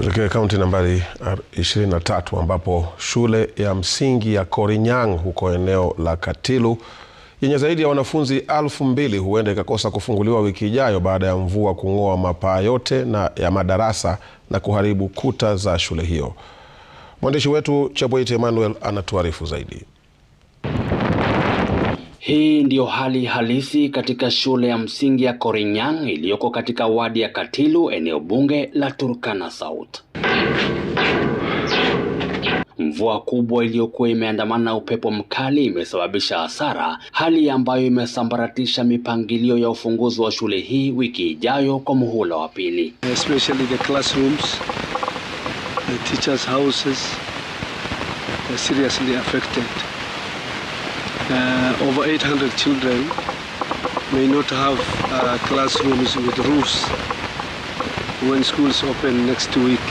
Tuelekee kaunti nambari 23 uh, ambapo shule ya msingi ya Korinyang huko eneo la Katilu yenye zaidi ya wanafunzi elfu mbili huenda ikakosa kufunguliwa wiki ijayo baada ya mvua kung'oa mapaa yote na ya madarasa na kuharibu kuta za shule hiyo. Mwandishi wetu Chebweit Emmanuel anatuarifu zaidi. Hii ndiyo hali halisi katika shule ya msingi ya Korinyang iliyoko katika wadi ya Katilu, eneo bunge la Turkana South. Mvua kubwa iliyokuwa imeandamana na upepo mkali imesababisha hasara, hali ambayo imesambaratisha mipangilio ya ufunguzi wa shule hii wiki ijayo kwa muhula wa pili. Especially the classrooms, the teachers houses, seriously affected uh, over 800 children may not have uh, classrooms with roofs when schools open next week.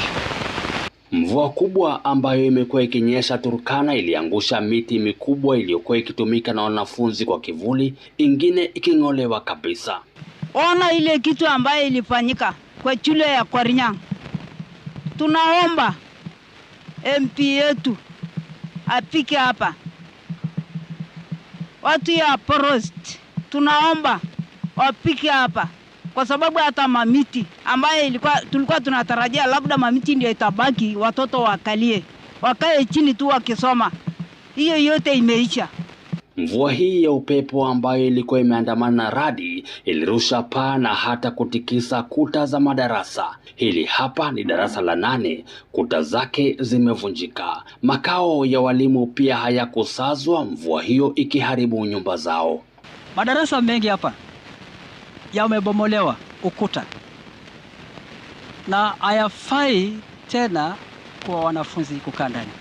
Mvua kubwa ambayo imekuwa ikinyesha Turkana iliangusha miti mikubwa iliyokuwa ikitumika na wanafunzi kwa kivuli, ingine iking'olewa kabisa. Ona ile kitu ambayo ilifanyika kwa shule ya Kwarinyang. Tunaomba MP yetu apike hapa watu ya forest tunaomba wapike hapa, kwa sababu hata mamiti ambaye ilikuwa tulikuwa tunatarajia labda mamiti ndio itabaki, watoto wakalie, wakae chini tu wakisoma, hiyo yote imeisha. Mvua hii ya upepo ambayo ilikuwa imeandamana na radi ilirusha paa na hata kutikisa kuta za madarasa. Hili hapa ni darasa la nane, kuta zake zimevunjika. Makao ya walimu pia hayakusazwa, mvua hiyo ikiharibu nyumba zao. Madarasa mengi hapa yamebomolewa ukuta na hayafai tena kwa wanafunzi kukaa ndani.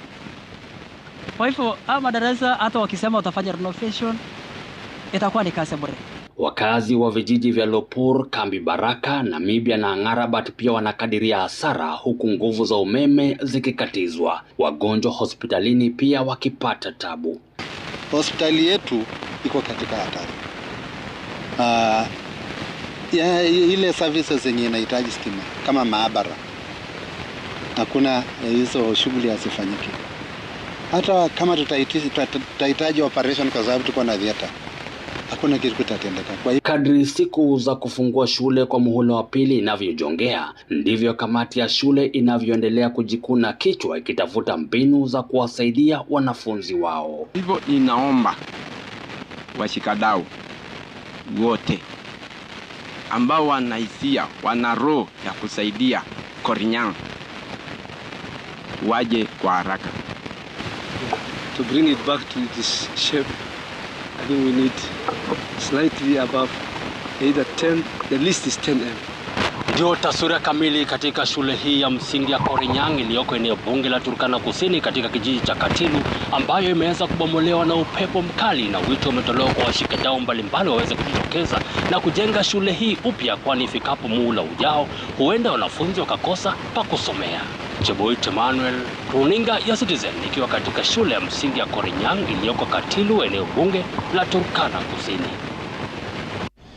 Kwa hivyo haya madarasa hata wakisema watafanya renovation itakuwa ni kazi bure. Wakazi wa vijiji vya Lopur, Kambi Baraka, Namibia na Ngarabat pia wanakadiria hasara huku nguvu za umeme zikikatizwa, wagonjwa hospitalini pia wakipata tabu. Hospitali yetu iko katika hatari. Uh, ya, ile services zenye inahitaji stima kama maabara hakuna, eh, hizo shughuli hazifanyiki hata kama tutahitaji operation kwa sababu tuko na theater hakuna kitu kitatendeka. Kwa hiyo kadri siku za kufungua shule kwa muhula wa pili inavyojongea, ndivyo kamati ya shule inavyoendelea kujikuna kichwa ikitafuta mbinu za kuwasaidia wanafunzi wao. Hivyo inaomba washikadau wote ambao wanahisia, wana roho ya kusaidia Korinyang waje kwa haraka to bring it back to this shape, I think we need slightly above either 10, the least is 10 m. Ndio taswira kamili katika shule hii ya msingi ya Korinyang iliyoko eneo bunge la Turkana Kusini katika kijiji cha Katilu ambayo imeweza kubomolewa na upepo mkali, na wito umetolewa kwa washikadau mbalimbali waweze kujitokeza na kujenga shule hii upya, kwani ifikapo muula ujao huenda wanafunzi wakakosa pa kusomea. Cheboit Emmanuel, runinga ya Citizen ikiwa katika shule ya msingi ya Korinyang iliyoko Katilu, eneo bunge la Turkana Kusini.